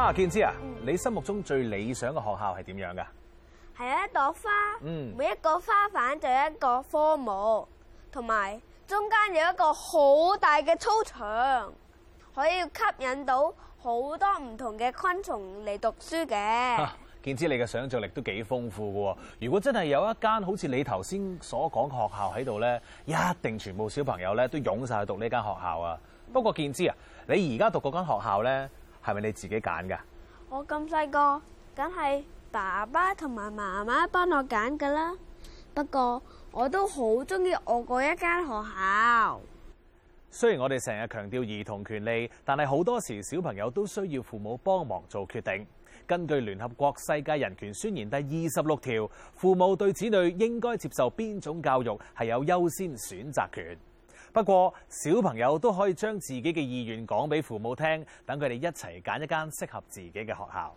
啊，建之啊，你心目中最理想嘅學校係點樣噶？係有一朵花，嗯，每一個花瓣就有一個科目，同埋中間有一個好大嘅操場，可以吸引到好多唔同嘅昆蟲嚟讀書嘅。啊。建之，你嘅想像力都幾豐富噶。如果真係有一間好似你頭先所講嘅學校喺度咧，一定全部小朋友咧都湧晒去讀呢間學校啊。不過建之啊，你而家讀嗰間學校咧？係咪你自己揀噶？我咁細個，梗係爸爸同埋媽媽幫我揀噶啦。不過我都好中意我嗰一間學校。雖然我哋成日強調兒童權利，但係好多時小朋友都需要父母幫忙做決定。根據聯合國世界人權宣言第二十六條，父母對子女應該接受邊種教育係有優先選擇權。不過小朋友都可以將自己嘅意願講俾父母聽，等佢哋一齊揀一間適合自己嘅學校。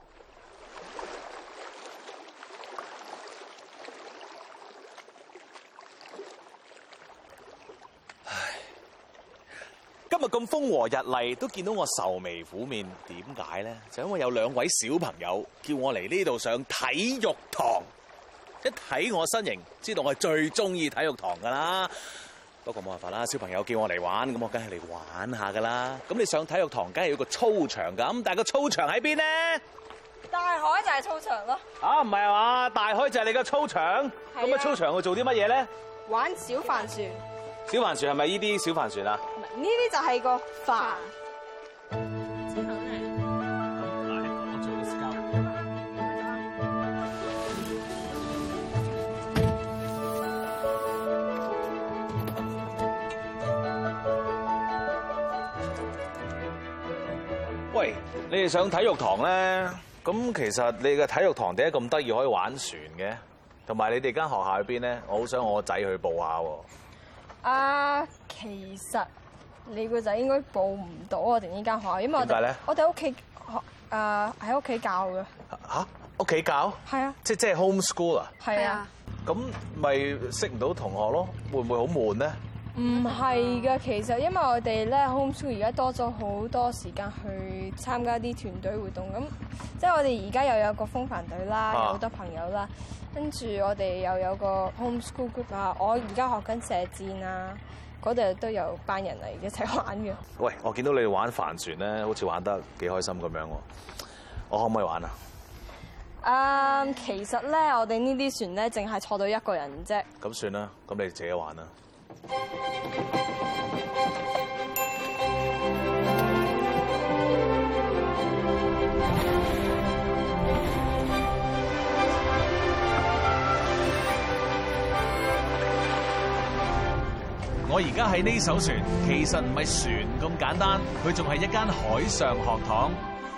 唉，今日咁風和日麗，都見到我愁眉苦面，點解呢？就因為有兩位小朋友叫我嚟呢度上體育堂，一睇我身形，知道我係最中意體育堂噶啦。不過冇辦法啦，小朋友叫我嚟玩，咁我梗係嚟玩一下噶啦。咁你想上體育堂，梗係要個操場咁，但係個操場喺邊呢？大海就係操場咯。啊，唔係啊嘛，大海就係你個操場。咁啊，那操場去做啲乜嘢呢？玩小帆船。小帆船係咪呢啲小帆船啊？唔係，呢啲就係個帆。帆。你哋上體育堂咧，咁其實你嘅體育堂點解咁得意可以玩船嘅？同埋你哋間學校喺邊咧？我好想我個仔去報下喎。啊，其實你個仔應該報唔到我哋呢間學校，因為我哋咧我哋屋企學、呃、啊喺屋企教嘅。嚇，屋企教？係啊。即即係 home school 啊？係啊。咁咪識唔到同學咯？會唔會好悶咧？唔係噶，其實因為我哋咧 homeschool 而家多咗好多時間去參加啲團隊活動咁，即係我哋而家又有一個風帆隊啦，有好多朋友啦，跟、啊、住我哋又有一個 homeschool group 啊。我而家學緊射箭啊，嗰度都有班人嚟一齊玩嘅。喂，我見到你玩帆船咧，好似玩得幾開心咁樣喎。我可唔可以玩啊？誒、嗯，其實咧，我哋呢啲船咧，淨係坐到一個人啫。咁算啦，咁你自己玩啦。我而家喺呢艘船，其實唔係船咁簡單，佢仲係一間海上學堂。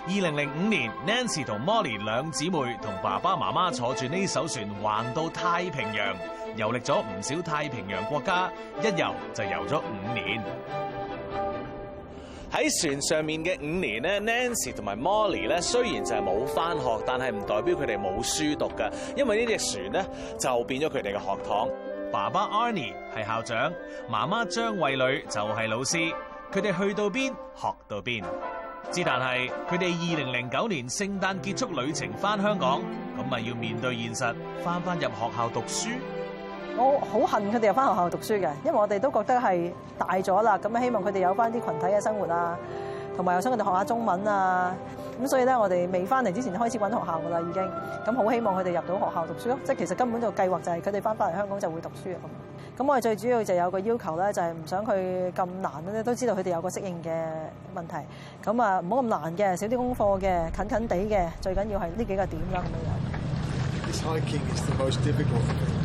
二零零五年，Nancy 同 Molly 兩姊妹同爸爸媽媽坐住呢艘船，橫到太平洋。遊歷咗唔少太平洋國家，一遊就遊咗五年。喺船上面嘅五年呢 Nancy 同埋 Molly 咧，雖然就係冇翻學，但係唔代表佢哋冇書讀噶。因為呢隻船咧就變咗佢哋嘅學堂。爸爸 Arnie 係校長，媽媽張惠侶就係老師。佢哋去到邊學到邊。之但係佢哋二零零九年聖誕結束旅程翻香港，咁咪要面對現實，翻翻入學校讀書。我好恨佢哋入翻學校讀書嘅，因為我哋都覺得係大咗啦。咁啊，希望佢哋有翻啲群體嘅生活啊，同埋又想佢哋學下中文啊。咁所以咧，我哋未翻嚟之前就開始揾學校噶啦，已經咁好希望佢哋入到學校讀書咯。即係其實根本就計劃就係佢哋翻翻嚟香港就會讀書啊。咁，咁我哋最主要就有個要求咧，就係唔想佢咁難咧，都知道佢哋有個適應嘅問題。咁啊，唔好咁難嘅，少啲功課嘅，近近地嘅，最緊要係呢幾個點啦。咁樣。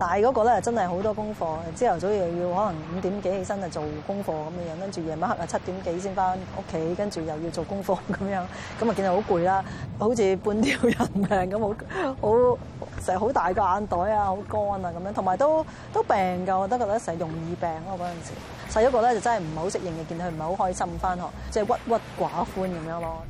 大嗰個咧真係好多功課，朝頭早又要可能五點幾起身就做功課咁樣，跟住夜晚黑啊七點幾先翻屋企，跟住又要做功課咁樣，咁啊見到好攰啦，好似半條人命咁，好好成日好大個眼袋啊，好乾啊咁樣，同埋都都病㗎，我都覺得成日容易病咯嗰陣時。細嗰個咧就真係唔係好適應嘅，見到佢唔係好開心翻學，即係鬱鬱寡歡咁樣咯。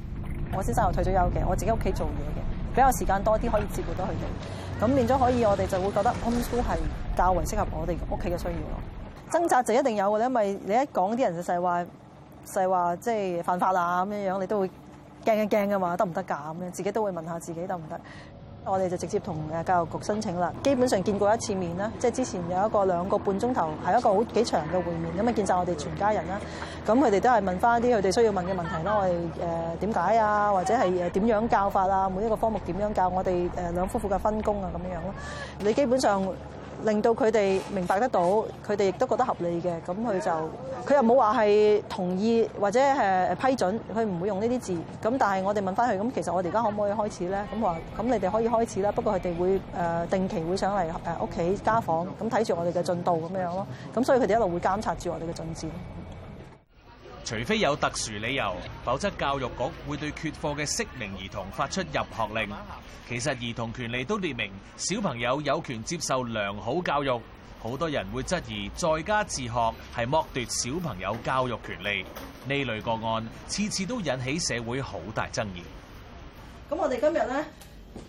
我先生又退咗休嘅，我自己屋企做嘢嘅，比較時間多啲可以照顧到佢哋。咁變咗可以，我哋就會覺得 homeschool 係較為適合我哋屋企嘅需要咯。掙扎就一定有嘅，因為你一講啲人就係話，就係話即係犯法啊咁樣樣，你都會驚一驚噶嘛，得唔得㗎咁樣？自己都會問下自己得唔得。我哋就直接同誒教育局申請啦，基本上見過一次面啦，即係之前有一個兩個半鐘頭，係一個好幾長嘅會面，咁啊見晒我哋全家人啦，咁佢哋都係問翻啲佢哋需要問嘅問題啦，我哋誒點解啊，或者係誒點樣教法啊，每一個科目點樣教，我哋誒兩夫婦嘅分工啊咁樣咯，你基本上。令到佢哋明白得到，佢哋亦都覺得合理嘅，咁佢就佢又冇話係同意或者係批准，佢唔會用呢啲字。咁但係我哋問翻佢，咁其實我哋而家可唔可以開始咧？咁話咁你哋可以開始啦，不過佢哋會誒定期會上嚟誒屋企家訪，咁睇住我哋嘅進度咁樣咯。咁所以佢哋一路會監察住我哋嘅進展。除非有特殊理由，否則教育局會對缺課嘅適齡兒童發出入學令。其實兒童權利都列明，小朋友有權接受良好教育。好多人會質疑在家自學係剝奪小朋友教育權利。呢類個案次次都引起社會好大爭議。咁我哋今日呢，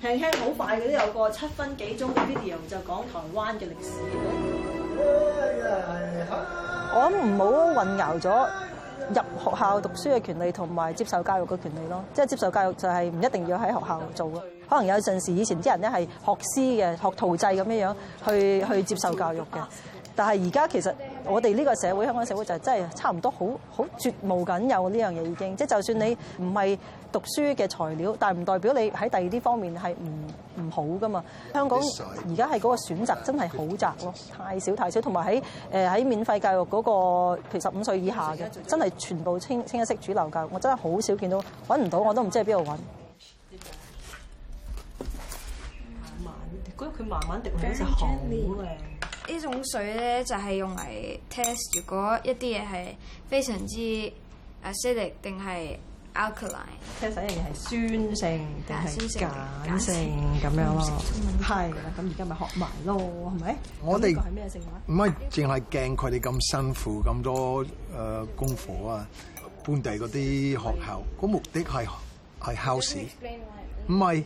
輕輕好快嘅都有個七分幾鐘嘅 video 就講台灣嘅歷史。哎哎、我諗唔好混淆咗。入學校讀書嘅權利同埋接受教育嘅權利咯，即係接受教育就係唔一定要喺學校做嘅，可能有陣時以前啲人咧係學師嘅、學徒制咁樣去去接受教育嘅。但係而家其實我哋呢個社會，香港社會就係真係差唔多，好好絕無僅有，呢樣嘢已經。即係就算你唔係讀書嘅材料，但係唔代表你喺第二啲方面係唔唔好噶嘛。香港而家係嗰個選擇真係好窄咯，太少太少，同埋喺誒喺免費教育嗰個，其實五歲以下嘅真係全部清清一色主流教育。我真係好少見到，揾唔到，我都唔知喺邊度揾。慢，嗰日佢慢慢滴落去，真係好呢種水咧就係用嚟 test 如果一啲嘢係非常之 acidic 定係 alkaline，test 一樣嘢係酸性定係鹼性咁、啊嗯、樣咯。係、嗯、啦，咁而家咪學埋咯，係、嗯、咪？我哋唔係淨係驚佢哋咁辛苦咁多誒、呃、功課啊，本地嗰啲學校，個目的係考試，唔係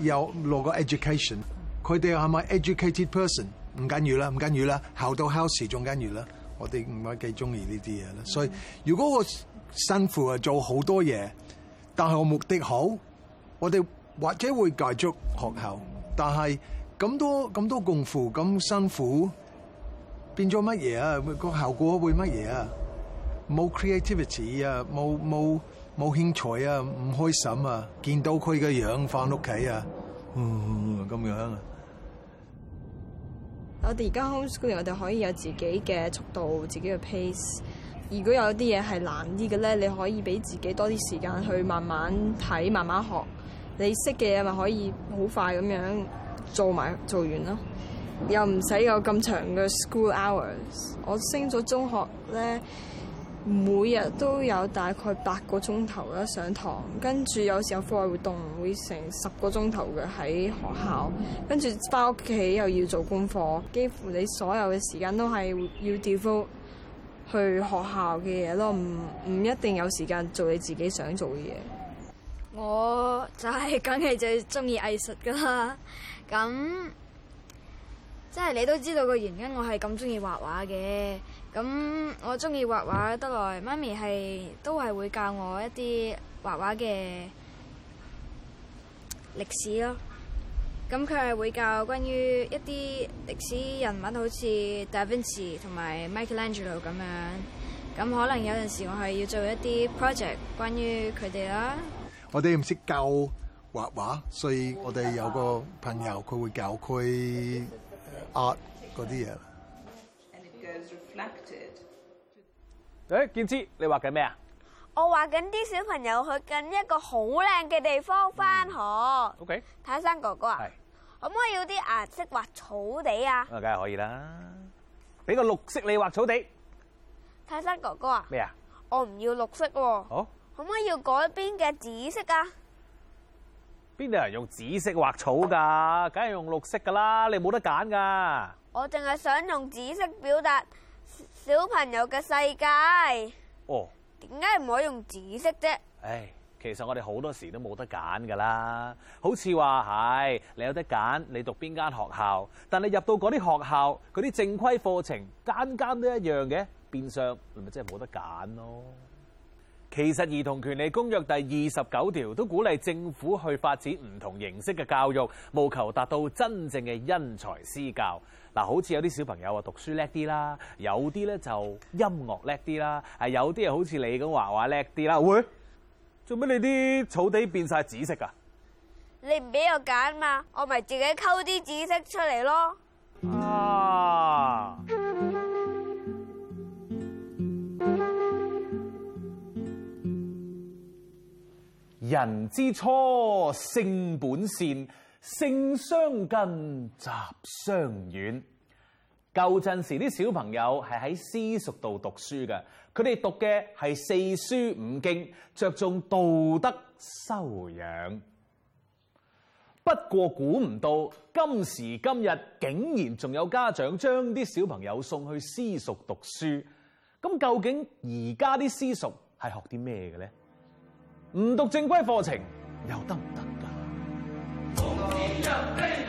有攞個 education，佢哋係咪 educated person？唔耕要啦，唔耕要啦，考到考 o 仲耕要啦，我哋唔係幾中意呢啲嘢啦。所以如果我辛苦啊，做好多嘢，但係我的目的好，我哋或者會繼續學校。但係咁多咁多功夫咁辛苦，變咗乜嘢啊？個效果會乜嘢啊？冇 creativity 啊，冇冇冇興趣啊，唔開心啊，見到佢嘅樣翻屋企啊，咁樣啊。呃我哋而家 homeschooling，我哋可以有自己嘅速度，自己嘅 pace。如果有啲嘢係難啲嘅咧，你可以俾自己多啲時間去慢慢睇、慢慢學。你識嘅嘢咪可以好快咁樣做埋做完咯，又唔使有咁長嘅 school hours。我升咗中學咧。每日都有大概八個鐘頭啦上堂，跟住有時候課外活動會成十個鐘頭嘅喺學校，跟住返屋企又要做功課，幾乎你所有嘅時間都係要調伏去學校嘅嘢咯，唔唔一定有時間做你自己想做嘅嘢。我就係梗係最鍾意藝術㗎啦，咁即係你都知道個原因，我係咁鍾意畫畫嘅。咁我中意畫畫得耐，媽咪係都係會教我一啲畫畫嘅歷史咯。咁佢係會教關於一啲歷史人物，好似達芬奇同埋 Michelangelo 咁樣。咁可能有陣時我係要做一啲 project 關於佢哋啦。我哋唔識教畫畫，所以我哋有個朋友佢會教佢 art 嗰啲嘢。誒，建知，你畫緊咩啊？我畫緊啲小朋友去緊一個好靚嘅地方翻學。O、嗯、K，泰山哥哥啊，可唔可以要啲顏色畫草地啊？梗係可以啦。俾個綠色你畫草地。泰山哥哥啊，咩啊？我唔要綠色喎。好、哦。可唔可以要嗰邊嘅紫色啊？邊度人用紫色畫草噶？梗、呃、係用綠色噶啦，你冇得揀噶。我淨係想用紫色表達。小，小朋友嘅世界哦，點解唔可以用紫色啫？唉，其實我哋好多時都冇得揀㗎啦，好似話係你有得揀，你讀邊間學校，但係入到嗰啲學校，嗰啲正規課程間間都一樣嘅，變相你咪真係冇得揀咯。其實《兒童權利公約》第二十九條都鼓勵政府去發展唔同形式嘅教育，務求達到真正嘅因材施教。嗱，好似有啲小朋友啊，讀書叻啲啦，有啲咧就音樂叻啲啦，係有啲又好似你咁畫畫叻啲啦。喂，做咩你啲草地變晒紫色呀？你唔俾我揀嘛，我咪自己溝啲紫色出嚟咯。啊！人之初，性本善，性相近，習相遠。舊陣時啲小朋友係喺私塾度讀書嘅，佢哋讀嘅係四書五經，着重道德修養。不過估唔到今時今日，竟然仲有家長將啲小朋友送去私塾讀書。咁究竟而家啲私塾係學啲咩嘅呢？唔讀正規課程又得唔得㗎？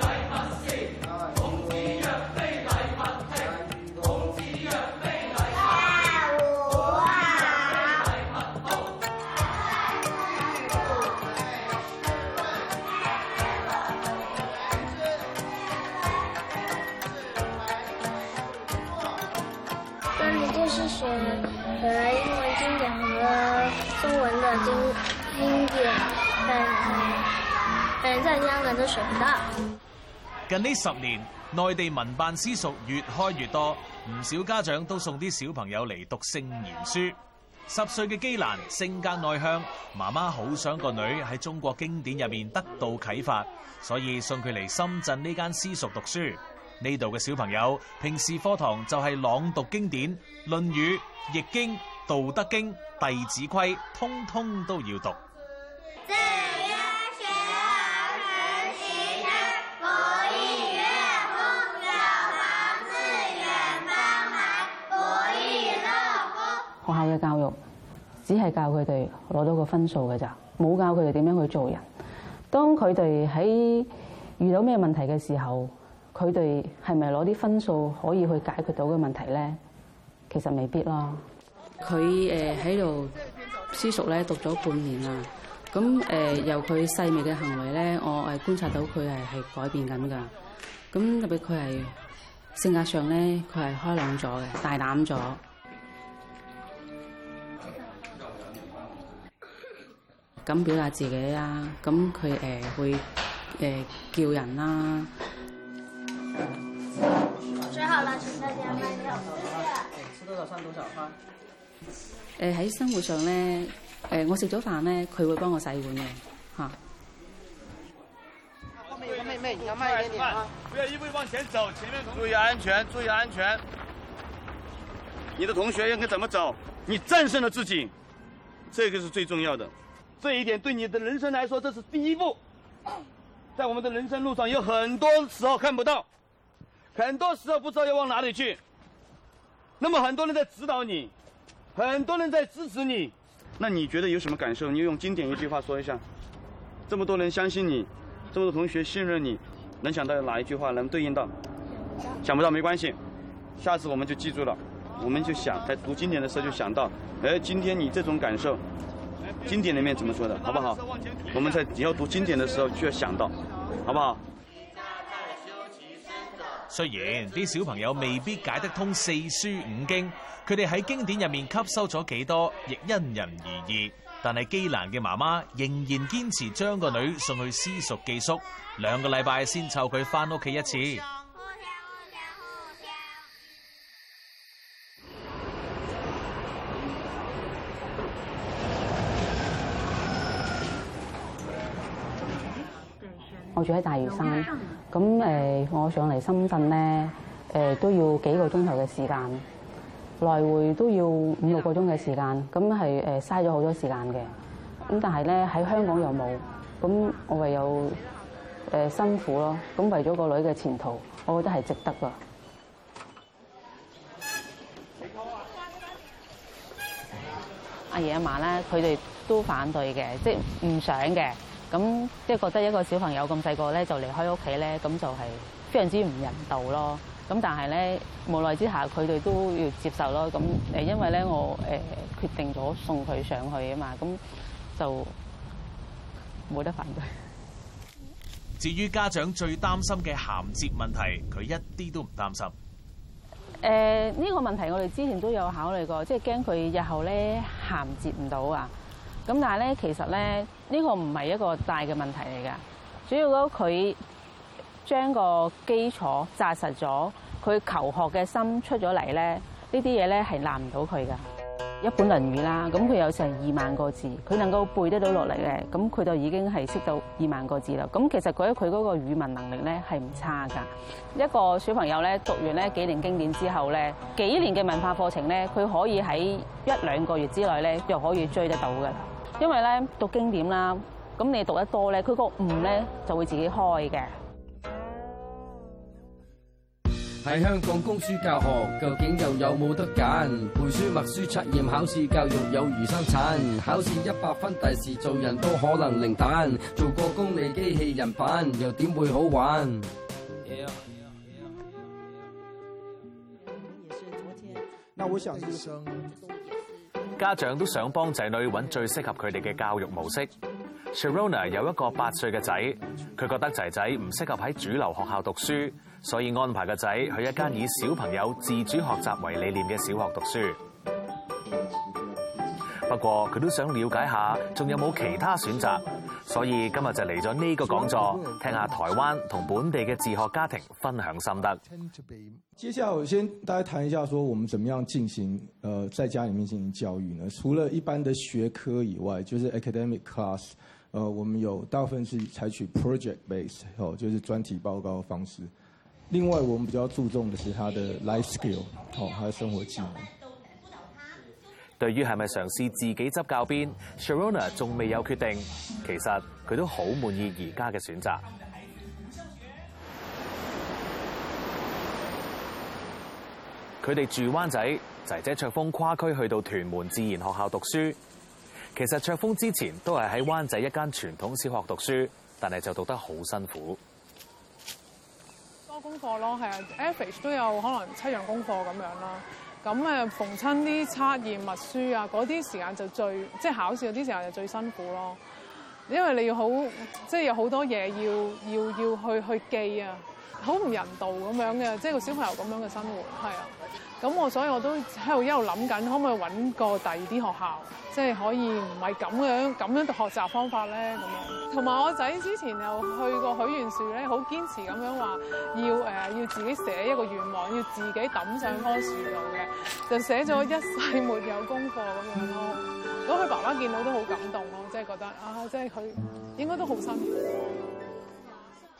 近呢十年，內地民辦私塾越開越多，唔少家長都送啲小朋友嚟讀聖賢書。十歲嘅基蘭性格內向，媽媽好想個女喺中國經典入面得到啟發，所以送佢嚟深圳呢間私塾讀書。呢度嘅小朋友平時課堂就係朗讀經典《論語》《易經》《道德經》《弟子規》，通通都要讀。只係教佢哋攞到個分數嘅咋，冇教佢哋點樣去做人。當佢哋喺遇到咩問題嘅時候，佢哋係咪攞啲分數可以去解決到嘅問題咧？其實未必囉。佢誒喺度私塾咧讀咗半年啦。咁誒由佢細微嘅行為咧，我係觀察到佢係係改變緊㗎。咁特別佢係性格上咧，佢係開朗咗嘅，大膽咗。咁表達自己啦、啊，咁佢誒會誒、呃、叫人啦。最後啦，陳生，你有冇做啊？多少就開。喺生活上咧、呃，我食咗飯咧，佢會幫我洗碗嘅。嚇、啊。後面有妹妹，你慢一點點啊！不要一味往前走，前面同學，注意安全，注意安全。你的同學應該怎麼走？你戰勝了自己，這個是最重要的。這一點對你的人生來說，這是第一步。在我們的人生路上，有很多時候看不到，很多時候不知道要往哪裡去。那麼很多人在指導你，很多人在支持你。那你覺得有什麼感受？你用經典一句話說一下。這麼多人相信你，這麼多同學信任你，能想到哪一句話能對應到？想不到，沒關係。下次我們就記住了，我們就想在讀經典的時候就想到，哎，今天你這種感受。經典裏面怎麼說的，好不好？我們在以後讀經典的時候就要想到，好不好？雖然啲小朋友未必解得通四書五經，佢哋喺經典入面吸收咗幾多，亦因人而異。但係基蘭嘅媽媽仍然堅持將個女送去私塾寄宿，兩個禮拜先湊佢翻屋企一次。住喺大嶼山，咁誒我上嚟深圳咧，誒都要幾個鐘頭嘅時間，來回都要五六個鐘嘅時間，咁係誒嘥咗好多時間嘅。咁但係咧喺香港又冇，咁我唯有誒辛苦咯。咁為咗個女嘅前途，我覺得係值得噶。阿爺阿嫲咧，佢哋都反對嘅，即係唔想嘅。咁即係覺得一個小朋友咁細個咧就離開屋企咧，咁就係非常之唔人道咯。咁但係咧無奈之下，佢哋都要接受咯。咁誒，因為咧我誒、呃、決定咗送佢上去啊嘛，咁就冇得反對。至於家長最擔心嘅銜接問題，佢一啲都唔擔心、呃。誒、這、呢個問題我哋之前都有考慮過，即係驚佢日後咧銜接唔到啊。咁但係咧，其實咧呢個唔係一個大嘅問題嚟噶。主要嗰佢將個基礎紮實咗，佢求學嘅心出咗嚟咧，呢啲嘢咧係難唔到佢噶。一本《論語》啦，咁佢有成二萬個字，佢能夠背得到落嚟嘅，咁佢就已經係識到二萬個字啦。咁其實覺得佢嗰個語文能力咧係唔差噶。一個小朋友咧讀完呢幾年經典之後咧，幾年嘅文化課程咧，佢可以喺一兩個月之內咧又可以追得到㗎啦。因為咧讀經典啦，咁你讀得多咧，佢個悟咧就會自己開嘅。喺香港供書教學，究竟又有冇得揀？背書默書測驗考試教育有如生產，考試一百分第時做人都可能零蛋，做個功利機器人版又點會好玩？Yeah, yeah, yeah, yeah, yeah, yeah, yeah, yeah. 家長都想幫仔女揾最適合佢哋嘅教育模式。Sherona 有一個八歲嘅仔，佢覺得仔仔唔適合喺主流學校讀書，所以安排個仔去一間以小朋友自主學習為理念嘅小學讀書。不過佢都想了解下，仲有冇其他選擇？所以今日就嚟咗呢個講座，聽下台灣同本地嘅自學家庭分享心得。接下來我先大家談一下，說我們怎麼樣進行，呃，在家裏面進行教育呢？除了一般的學科以外，就是 academic class，呃，我們有大部分是採取 project base，好，就是專題報告方式。另外，我們比較注重的是它的 life skill，好，它的生活技能。對於係咪嘗試自己執教鞭，Sharona 仲未有決定。其實佢都好滿意而家嘅選擇。佢哋住灣仔，仔仔卓峰跨區去到屯門自然學校讀書。其實卓峰之前都係喺灣仔一間傳統小學讀書，但係就讀得好辛苦。多功課咯，係啊，Average 都有可能七樣功課咁樣啦。咁誒，逢親啲測驗、默書啊，嗰啲時間就最，即係考試嗰啲時間就最辛苦咯。因為你要好，即係有好多嘢要要要去去記啊，好唔人道咁樣嘅，即係個小朋友咁樣嘅生活，係啊。咁我所以我都喺度一路諗緊，可唔可以搵個第二啲學校，即係可以唔係咁樣咁樣嘅學習方法咧咁樣。同埋我仔之前又去過許願樹咧，好堅持咁樣話要、呃、要自己寫一個願望，要自己抌上棵樹度嘅，就寫咗一世沒有功課咁樣咯。咁佢爸爸見到都好感動咯，即係覺得啊，即係佢應該都好辛苦。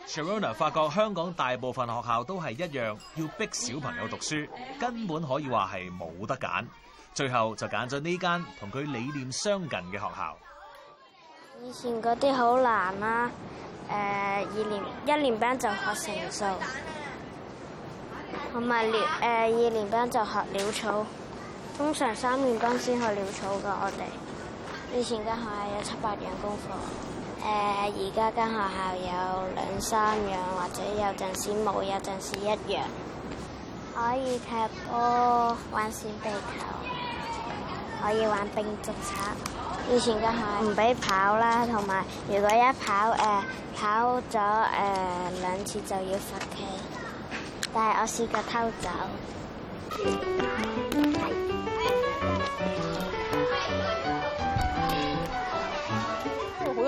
Sharona 發覺香港大部分學校都係一樣，要逼小朋友讀書，根本可以話係冇得揀。最後就揀咗呢間同佢理念相近嘅學校。以前嗰啲好難啦，誒、呃、二年一年班就學成數，同埋誒二年班就學潦草，通常三年班先學潦草噶。我哋以前嘅學校有七八樣功課。誒、呃，而家間學校有兩三樣，或者有陣時冇，有陣時一樣。可以踢波，玩閃地球，可以玩冰竹球。以前嘅係唔俾跑啦，同埋如果一跑誒、呃、跑咗誒兩次就要罰企。但係我試過偷走。嗯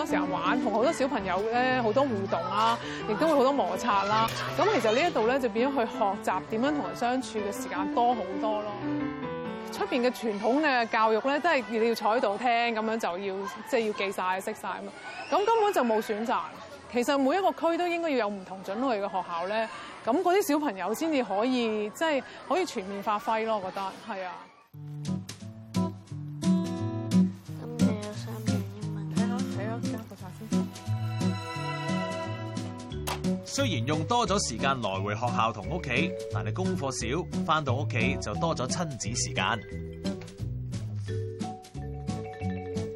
成日玩，同好多小朋友咧好多互動啊，亦都會好多摩擦啦。咁其實呢一度咧就變咗去學習點樣同人相處嘅時間多好多咯。出邊嘅傳統嘅教育咧，都係你要坐喺度聽，咁樣就要即係、就是、要記晒識晒啊嘛。咁根本就冇選擇，其實每一個區都應該要有唔同種類嘅學校咧，咁嗰啲小朋友先至可以即係可以全面發揮咯。我覺得係啊。雖然用多咗時間來回學校同屋企，但係功課少，翻到屋企就多咗親子時間。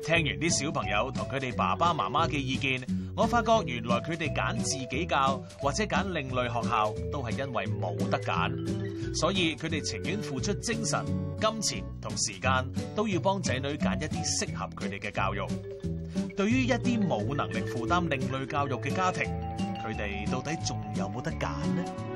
聽完啲小朋友同佢哋爸爸媽媽嘅意見，我發覺原來佢哋揀自己教或者揀另類學校，都係因為冇得揀，所以佢哋情願付出精神、金錢同時間，都要幫仔女揀一啲適合佢哋嘅教育。對於一啲冇能力負擔另類教育嘅家庭，你到底仲有冇得揀呢？